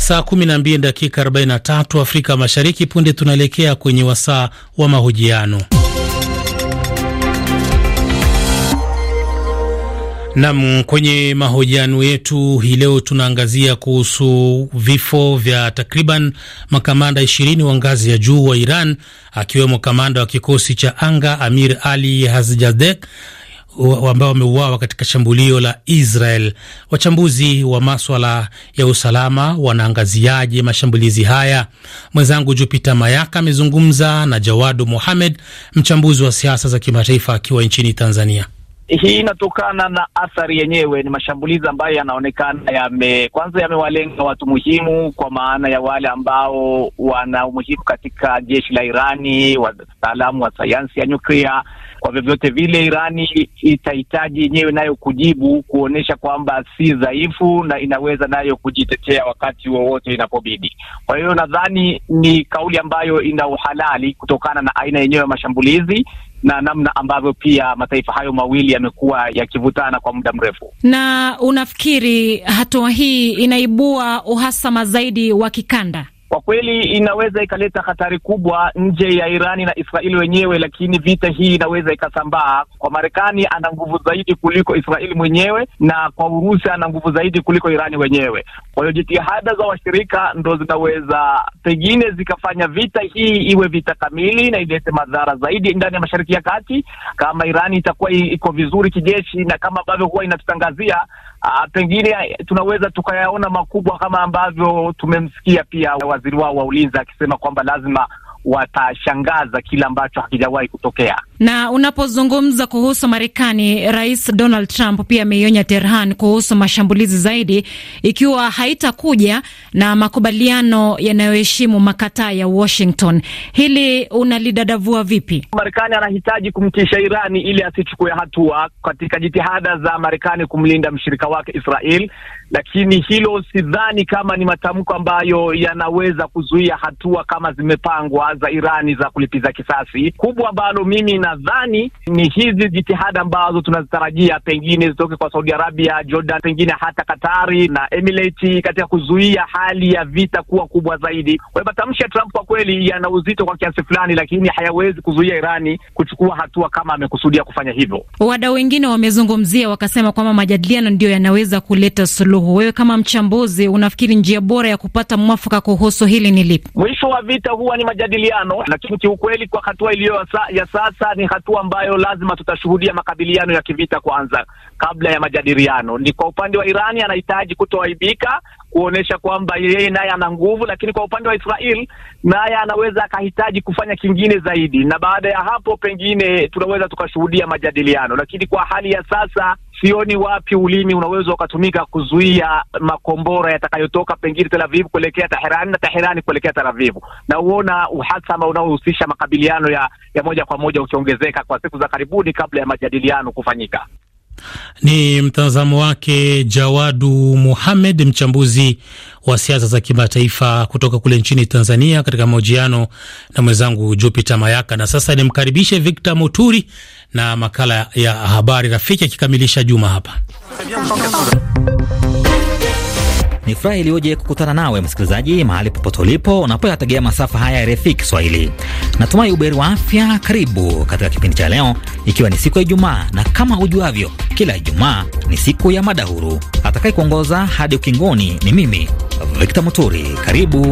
Saa 12 dakika 43 Afrika Mashariki. Punde tunaelekea kwenye wasaa wa mahojiano. Nam, kwenye mahojiano yetu hii leo tunaangazia kuhusu vifo vya takriban makamanda ishirini wa ngazi ya juu wa Iran akiwemo kamanda wa kikosi cha anga Amir Ali hazjadek ambao wameuawa katika shambulio la Israel. Wachambuzi wa maswala ya usalama wanaangaziaje mashambulizi haya? Mwenzangu Jupiter Mayaka amezungumza na Jawadu Mohamed, mchambuzi wa siasa za kimataifa akiwa nchini Tanzania. Hii inatokana na athari yenyewe. Ni mashambulizi ambayo yanaonekana yame, kwanza yamewalenga watu muhimu, kwa maana ya wale ambao wana umuhimu katika jeshi la Irani, wataalamu wa sayansi ya nyuklia kwa vyovyote vile, Irani itahitaji yenyewe nayo kujibu, kuonyesha kwamba si dhaifu na inaweza nayo kujitetea wakati wowote inapobidi. Kwa hiyo nadhani ni kauli ambayo ina uhalali kutokana na aina yenyewe ya mashambulizi na namna ambavyo pia mataifa hayo mawili yamekuwa yakivutana kwa muda mrefu. Na unafikiri hatua hii inaibua uhasama zaidi wa kikanda? kwa kweli inaweza ikaleta hatari kubwa nje ya Irani na Israeli wenyewe, lakini vita hii inaweza ikasambaa kwa Marekani. Ana nguvu zaidi kuliko Israeli mwenyewe, na kwa Urusi ana nguvu zaidi kuliko Irani wenyewe. Kwa hiyo jitihada za washirika ndo zinaweza pengine zikafanya vita hii iwe vita kamili na ilete madhara zaidi ndani ya Mashariki ya Kati, kama Irani itakuwa iko vizuri kijeshi na kama ambavyo huwa inatutangazia ah, pengine tunaweza tukayaona makubwa kama ambavyo tumemsikia pia wa waziri wao wa ulinzi akisema kwamba lazima watashangaza kile ambacho hakijawahi kutokea. Na unapozungumza kuhusu Marekani, Rais Donald Trump pia ameionya Tehran kuhusu mashambulizi zaidi ikiwa haitakuja na makubaliano yanayoheshimu makataa ya Washington. Hili unalidadavua vipi? Marekani anahitaji kumtisha Irani ili asichukue hatua katika jitihada za Marekani kumlinda mshirika wake Israel, lakini hilo sidhani kama ni matamko ambayo yanaweza kuzuia hatua kama zimepangwa za Irani za kulipiza kisasi kubwa ambalo mimi nadhani ni hizi jitihada ambazo tunazitarajia pengine zitoke kwa Saudi Arabia, Jordan, pengine hata Katari na Emirati katika kuzuia hali ya vita kuwa kubwa zaidi. Kwa hiyo matamshi ya Trump kwa kweli yana uzito kwa kiasi fulani, lakini hayawezi kuzuia Irani kuchukua hatua kama amekusudia kufanya hivyo. Wadau wengine wamezungumzia wakasema kwamba majadiliano ndiyo yanaweza kuleta suluhu. Wewe kama mchambuzi, unafikiri njia bora ya kupata mwafaka kuhusu hili ni lipi? Mwisho wa vita huwa ni majadiliano, lakini kiukweli kwa hatua iliyo ya sasa ni hatua ambayo lazima tutashuhudia makabiliano ya kivita kwanza kabla ya majadiliano. Ni kwa upande wa Irani anahitaji kutoaibika, kuonesha kwamba yeye naye ana nguvu, lakini kwa upande wa Israel naye anaweza akahitaji kufanya kingine zaidi, na baada ya hapo pengine tunaweza tukashuhudia majadiliano, lakini kwa hali ya sasa sioni wapi ulimi unaweza ukatumika kuzuia makombora yatakayotoka pengine Tel Aviv kuelekea Teherani na Teherani kuelekea Tel Aviv, na uona uhasama unaohusisha makabiliano ya, ya moja kwa moja ukiongezeka kwa siku za karibuni kabla ya majadiliano kufanyika. Ni mtazamo wake Jawadu Muhamed, mchambuzi wa siasa za kimataifa kutoka kule nchini Tanzania, katika mahojiano na mwenzangu Jupiter Mayaka. Na sasa nimkaribishe Victor Muturi na makala ya habari rafiki, akikamilisha juma hapa. Ni furaha iliyoje kukutana nawe msikilizaji, mahali popote ulipo unapoyategea masafa haya ya RFI Kiswahili. Natumai uberi wa afya. Karibu katika kipindi cha leo, ikiwa ni siku ya Ijumaa, na kama ujuavyo, kila Ijumaa ni siku ya mada huru. Atakaye kuongoza hadi ukingoni ni mimi Victor Moturi, karibu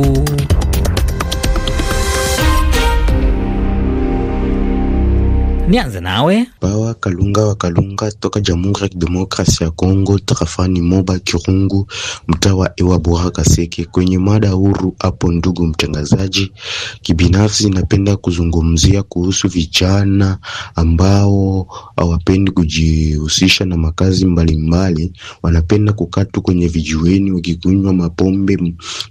Nianze nawe Bawa Kalunga wa Kalunga toka Jamhuri ya Kidemokrasia ya Kongo, tarafani Moba Kirungu, mtaa wa Ewa Bora Kaseke. Kwenye mada huru hapo, ndugu mtangazaji, kibinafsi napenda kuzungumzia kuhusu vijana ambao hawapendi kujihusisha na makazi mbalimbali mbali. Wanapenda kukaa tu kwenye vijiweni wakikunywa mapombe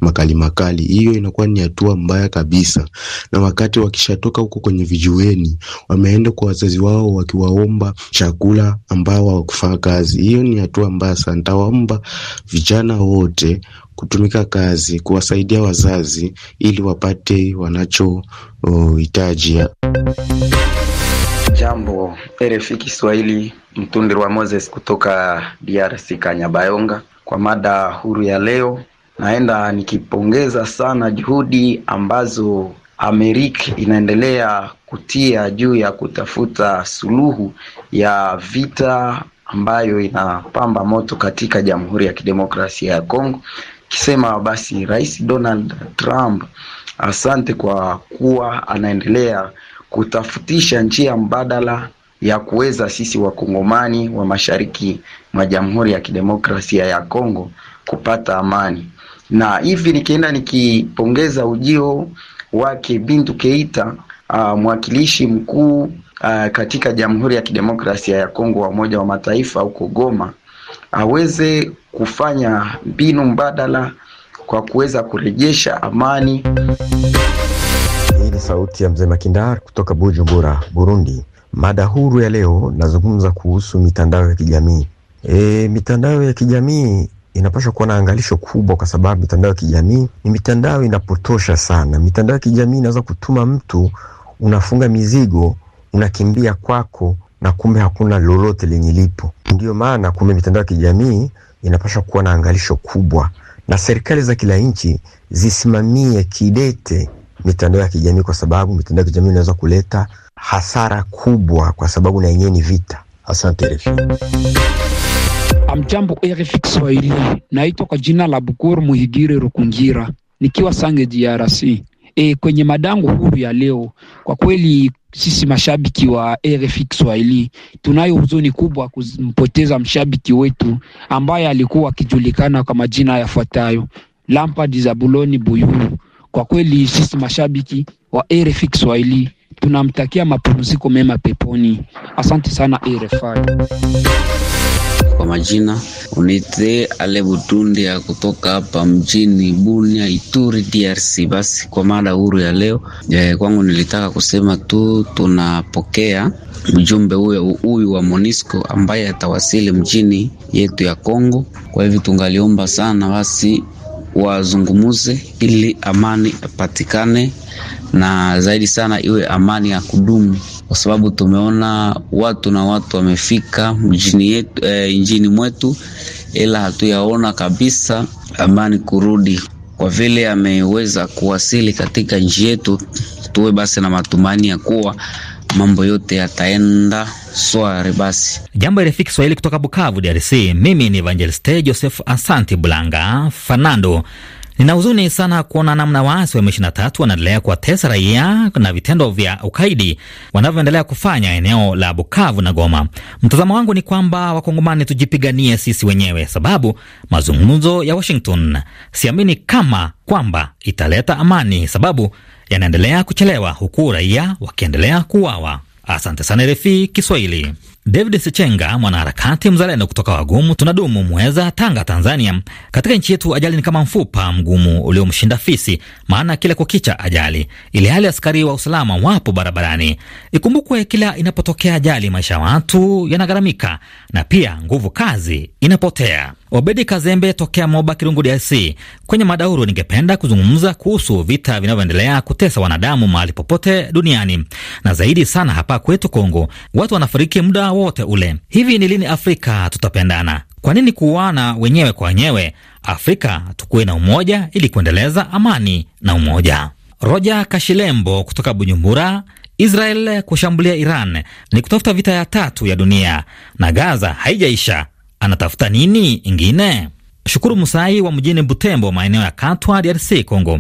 makali makali. Hiyo inakuwa ni hatua mbaya kabisa, na wakati wakishatoka huko kwenye vijiweni wameenda kwa wazazi wao wakiwaomba chakula ambao hawakufanya kazi. Hiyo ni hatua mbaya sana. Ntawaomba vijana wote kutumika kazi, kuwasaidia wazazi ili wapate wanachohitaji. Jambo RFI Kiswahili, mtundiri wa Moses kutoka DRC Kanyabayonga, kwa mada huru ya leo, naenda nikipongeza sana juhudi ambazo Amerika inaendelea kutia juu ya kutafuta suluhu ya vita ambayo inapamba moto katika Jamhuri ya Kidemokrasia ya Kongo, kisema basi Rais Donald Trump asante kwa kuwa anaendelea kutafutisha njia mbadala ya kuweza sisi wakongomani wa mashariki mwa Jamhuri ya Kidemokrasia ya Kongo kupata amani. Na hivi nikienda nikipongeza ujio wake Bintu Keita uh, mwakilishi mkuu uh, katika Jamhuri ya Kidemokrasia ya Kongo wa Umoja wa Mataifa huko Goma aweze kufanya mbinu mbadala kwa kuweza kurejesha amani. Hii ni sauti ya mzee Makindar kutoka Bujumbura, Burundi. Mada huru ya leo nazungumza kuhusu mitandao ya kijamii. E, mitandao ya kijamii inapaswa kuwa na angalisho kubwa, kwa sababu mitandao ya kijamii ni mitandao inapotosha sana. Mitandao ya kijamii inaweza kutuma mtu unafunga mizigo, unakimbia kwako, na kumbe hakuna lolote lenye lipo. Ndiyo maana kumbe mitandao ya kijamii inapaswa kuwa na angalisho kubwa, na serikali za kila nchi zisimamie kidete mitandao ya kijamii kwa sababu mitandao ya kijamii inaweza kuleta hasara kubwa, kwa sababu na yenyewe ni vita. Asante. Amjambo RFI Kiswahili, naitwa kwa jina la Bukuru Muhigire Rukungira nikiwa Sange DRC. E, kwenye madango huru ya leo, kwa kweli sisi mashabiki wa RFI Kiswahili tunayo huzuni kubwa kumpoteza mshabiki wetu ambaye alikuwa akijulikana kwa majina yafuatayo Lampard Zabuloni Buyuru. Kwa kweli sisi mashabiki wa RFI Kiswahili tunamtakia mapumziko mema peponi. Asante sana RFI. Kwa majina unite ale butundi ya kutoka hapa mjini Bunia, Ituri, DRC. Basi kwa mada huru ya leo e, kwangu nilitaka kusema tu tunapokea mjumbe huyo huyu wa Monisco ambaye atawasili mjini yetu ya Kongo. Kwa hivyo tungaliomba sana basi wazungumuze ili amani apatikane na zaidi sana iwe amani ya kudumu, kwa sababu tumeona watu na watu wamefika mjini yetu, e, eh, injini mwetu, ila hatuyaona kabisa amani kurudi. Kwa vile ameweza kuwasili katika nchi yetu, tuwe basi na matumaini ya kuwa mambo yote yataenda swari. Basi jambo rafiki Kiswahili kutoka Bukavu, DRC. Mimi ni Evangelist Joseph Asante Bulanga Fernando Nina huzuni sana kuona namna waasi wa M23 wanaendelea kuwatesa raia na vitendo vya ukaidi wanavyoendelea kufanya eneo la Bukavu na Goma. Mtazamo wangu ni kwamba Wakongomani tujipiganie sisi wenyewe, sababu mazungumzo ya Washington siamini kama kwamba italeta amani, sababu yanaendelea kuchelewa, huku raia wakiendelea kuuawa. Asante sana RFI Kiswahili. David Sechenga, mwanaharakati mzalendo kutoka Wagumu tunadumu Muheza, Tanga, Tanzania. Katika nchi yetu ajali ni kama mfupa mgumu uliomshinda fisi, maana kila kukicha ajali, ili hali askari wa usalama wapo barabarani. Ikumbukwe kila inapotokea ajali, maisha ya watu yanagharamika na pia nguvu kazi inapotea. Obedi Kazembe tokea Moba Kirungu, DRC. Kwenye madauru, ningependa kuzungumza kuhusu vita vinavyoendelea kutesa wanadamu mahali popote duniani na zaidi sana hapa kwetu Kongo. Watu wanafariki muda wote ule. Hivi ni lini Afrika tutapendana? Kwa nini kuuana wenyewe kwa wenyewe? Afrika tukuwe na umoja ili kuendeleza amani na umoja. roja Kashilembo kutoka Bujumbura. Israel kushambulia Iran ni kutafuta vita ya tatu ya dunia, na Gaza haijaisha. Anatafuta nini ingine? Shukuru Musai wa mjini Butembo, maeneo ya Katwa, DRC Congo.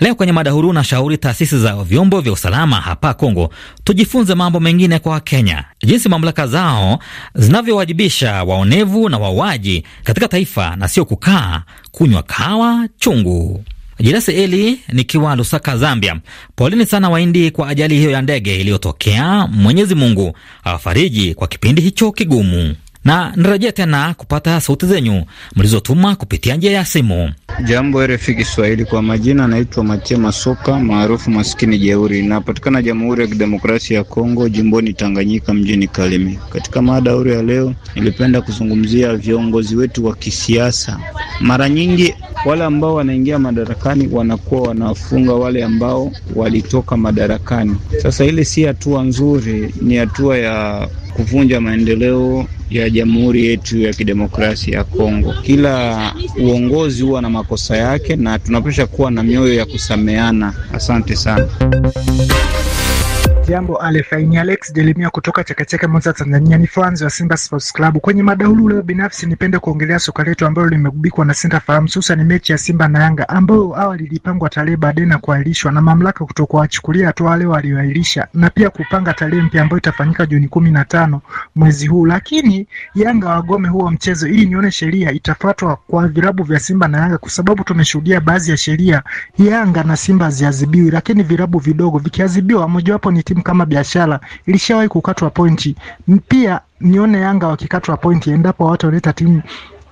Leo kwenye mada huru na shauri taasisi za vyombo vya usalama hapa Congo tujifunze mambo mengine kwa Wakenya, jinsi mamlaka zao zinavyowajibisha waonevu na wauaji katika taifa na sio kukaa kunywa kawa chungu. Jirasi Eli nikiwa Lusaka, Zambia. Poleni sana Waindi kwa ajali hiyo ya ndege iliyotokea. Mwenyezi Mungu awafariji kwa kipindi hicho kigumu na narejea tena kupata sauti zenyu mlizotuma kupitia njia ya simu. Jambo RFI Kiswahili, kwa majina anaitwa Matia Masoka maarufu maskini jeuri, napatikana Jamhuri ya Kidemokrasia ya Kongo, jimboni Tanganyika, mjini Kalimi. Katika mada huru ya leo, nilipenda kuzungumzia viongozi wetu wa kisiasa. Mara nyingi wale ambao wanaingia madarakani wanakuwa wanafunga wale ambao walitoka madarakani. Sasa ile si hatua nzuri, ni hatua ya kuvunja maendeleo ya jamhuri yetu ya kidemokrasia ya Kongo. Kila uongozi huwa na makosa yake, na tunapasha kuwa na mioyo ya kusameana. Asante sana. Jambo Alefai, ni Alex Delimia kutoka Chakechake, Mwanza, Tanzania. Ni fans wa Simba Sports Club. Kwenye madaulu leo, binafsi nipende kuongelea soka letu ambalo limegubikwa na sintofahamu, hususan mechi ya Simba na Yanga ambayo awali ilipangwa tarehe baadaye na kuahirishwa na mamlaka kutokuwachukulia hatua wale walioahirisha na pia kupanga tarehe mpya ambayo itafanyika Juni kumi na tano mwezi huu, lakini Yanga wagome huo mchezo ili nione sheria itafuatwa kwa vilabu vya Simba na Yanga, kwa sababu tumeshuhudia baadhi ya sheria Yanga na Simba ziazibiwi, lakini vilabu vidogo vikiazibiwa mojawapo ni timu timu kama Biashara ilishawahi kukatwa pointi. Pia nione Yanga wakikatwa pointi endapo hawataleta timu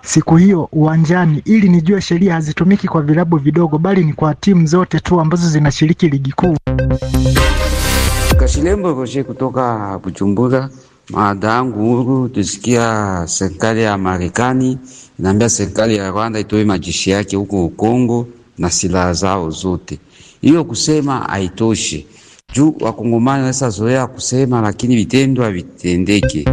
siku hiyo uwanjani, ili nijue sheria hazitumiki kwa vilabu vidogo, bali ni kwa timu zote tu ambazo zinashiriki ligi kuu. Kashilembo roshe kutoka Bujumbura. Mada yangu huru, tusikia serikali ya Marekani inaambia serikali ya Rwanda itoe majeshi yake huko Kongo na silaha zao zote. Hiyo kusema haitoshi, juu wakongomani wanaweza zoea kusema, lakini vitendo havitendeke.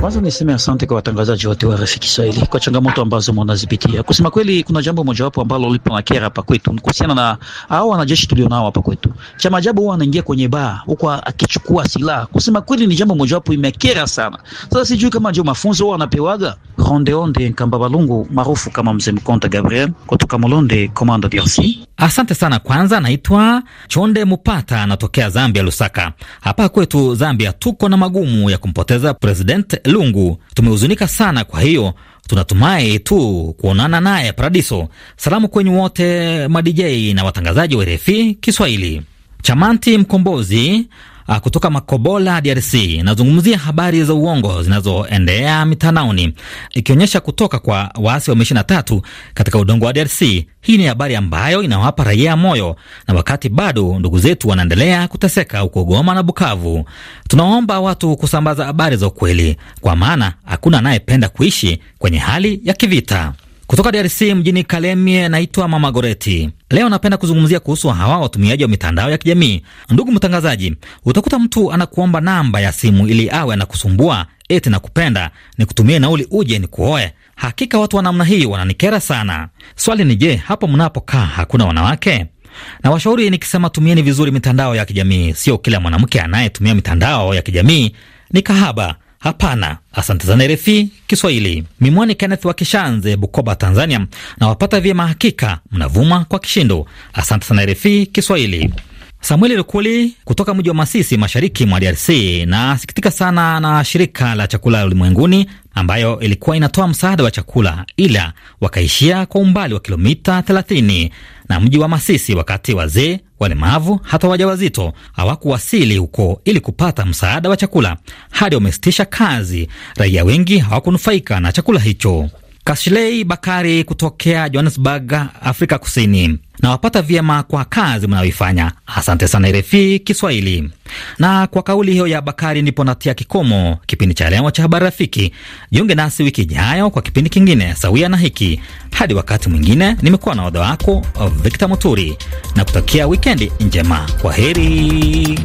Kwanza niseme asante kwa watangazaji wote wa RFI Kiswahili kwa changamoto ambazo mnazipitia. Kusema kweli, kuna jambo mojawapo ambalo lipo na kera hapa kwetu kuhusiana na hao wanajeshi tulionao hapa kwetu. Cha maajabu, huwa anaingia kwenye baa huko akichukua silaha. Kusema kweli, ni jambo mojawapo imekera sana. Sasa sijui kama ndio mafunzo huwa anapewaga Ronde Onde Nkamba Balungu maarufu kama Mzee Mkonta Gabriel kutoka Molonde Komanda DRC. Asante sana. Kwanza naitwa Chonde Mupata, anatokea Zambia, Lusaka. Hapa kwetu Zambia tuko na magumu ya kumpoteza president Lungu. Tumehuzunika sana, kwa hiyo tunatumai tu kuonana naye Paradiso. Salamu kwenyu wote madijei na watangazaji wa RFI Kiswahili. Chamanti Mkombozi Ah, kutoka Makobola, DRC. Nazungumzia habari za uongo zinazoendea mitandaoni ikionyesha kutoka kwa waasi wa M23 katika udongo wa DRC. Hii ni habari ambayo inawapa raia moyo, na wakati bado ndugu zetu wanaendelea kuteseka huko Goma na Bukavu. tunaomba watu kusambaza habari za ukweli, kwa maana hakuna anayependa kuishi kwenye hali ya kivita. Kutoka DRC mjini Kalemie, naitwa Mama Goreti. Leo napenda kuzungumzia kuhusu hawa watumiaji wa mitandao ya kijamii. Ndugu mtangazaji, utakuta mtu anakuomba namba ya simu ili awe anakusumbua eti nakupenda, nikutumie nauli uje nikuoe. Hakika watu wa namna hii wananikera sana. Swali ni je, hapo mnapokaa hakuna wanawake? Na washauri nikisema, tumieni vizuri mitandao ya kijamii. Sio kila mwanamke anayetumia mitandao ya kijamii ni kahaba. Hapana. Asante sana RFI Kiswahili. Mimwani Kenneth wa Kishanze, Bukoba, Tanzania, na wapata vyema, hakika mnavuma kwa kishindo. Asante sana RFI Kiswahili. Samueli Lukuli kutoka mji wa Masisi, mashariki mwa DRC. Nasikitika sana na shirika la chakula ulimwenguni ambayo ilikuwa inatoa msaada wa chakula, ila wakaishia kwa umbali wa kilomita 30 na mji wa Masisi, wakati wazee Walemavu hata wajawazito hawakuwasili huko ili kupata msaada wa chakula, hadi wamesitisha kazi. Raia wengi hawakunufaika na chakula hicho. kashlei Bakari kutokea Johannesburg, Afrika Kusini nawapata vyema kwa kazi mnayoifanya. Asante sana RFI Kiswahili. Na kwa kauli hiyo ya Bakari ndipo natia kikomo kipindi cha leo cha habari rafiki. Jiunge nasi wiki ijayo kwa kipindi kingine sawia na hiki. Hadi wakati mwingine, nimekuwa na wadha wako Victor Muturi na kutakia wikendi njema. Kwa heri.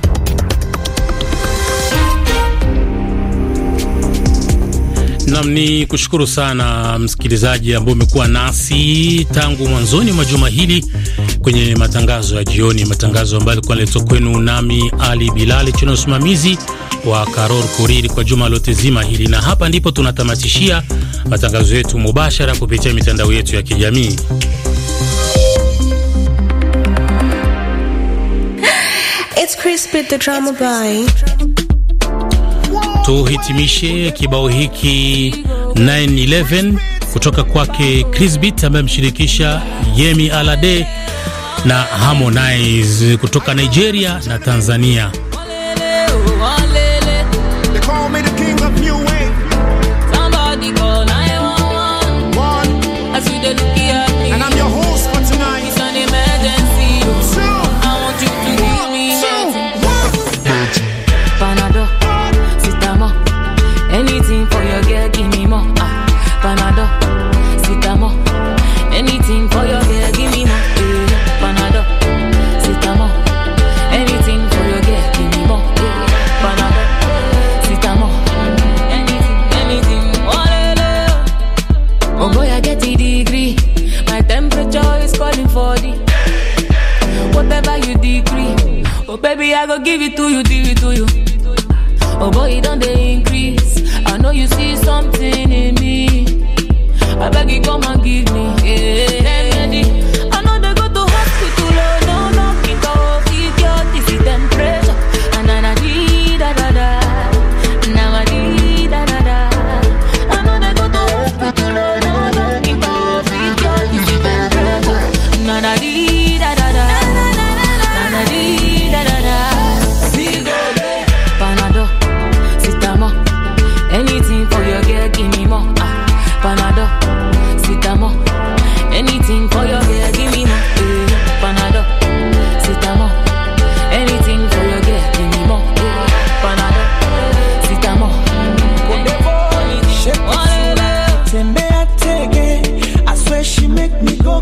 Nam ni kushukuru sana msikilizaji ambao umekuwa nasi tangu mwanzoni mwa juma hili kwenye matangazo ya jioni, matangazo ambayo alikuwa naletwa kwenu nami Ali Bilali chini ya usimamizi wa karor Kuriri kwa juma lote zima hili, na hapa ndipo tunatamatishia matangazo yetu mubashara kupitia mitandao yetu ya kijamii. It's crispy, the drama tuhitimishe kibao hiki 911 kutoka kwake Chris Beat ambaye amshirikisha Yemi Alade na Harmonize kutoka Nigeria na Tanzania. They call me the king of you. give it to you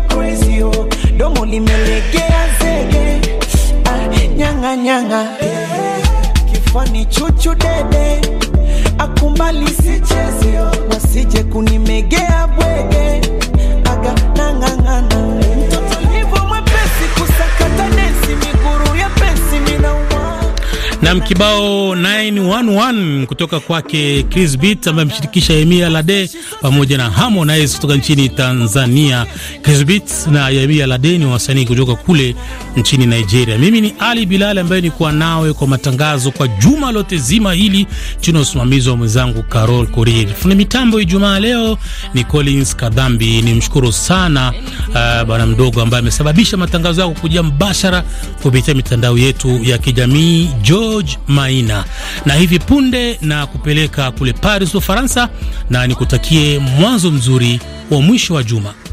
crazy oh. Domo limelegea zege ah, nyanga nyanga eh, kifani chuchu dede akumbali sicheze oh. Wasije kunimegea bwege aga nang'ang'ana mtoto livo mwepesi kusakata nesi miguru ya pe na kibao 911 kutoka kwake Chris Beat ambaye ameshirikisha Yemia Lade pamoja na Harmonize kutoka nchini Tanzania. Chris Beat na Yemia Lade ni wasanii kutoka kule nchini Nigeria. Mimi ni Ali Bilal ambaye nikuwa nawe kwa matangazo kwa juma lote zima hili chini ya usimamizi wa mwenzangu Carol Korir. Funa mitambo Ijumaa leo ni Collins Kadhambi. Ni mshukuru sana uh, bwana mdogo ambaye amesababisha matangazo yako kuja mbashara kupitia mitandao yetu ya kijamii Joe George Maina, na hivi punde na kupeleka kule Paris, Ufaransa, na nikutakie mwanzo mzuri wa mwisho wa juma.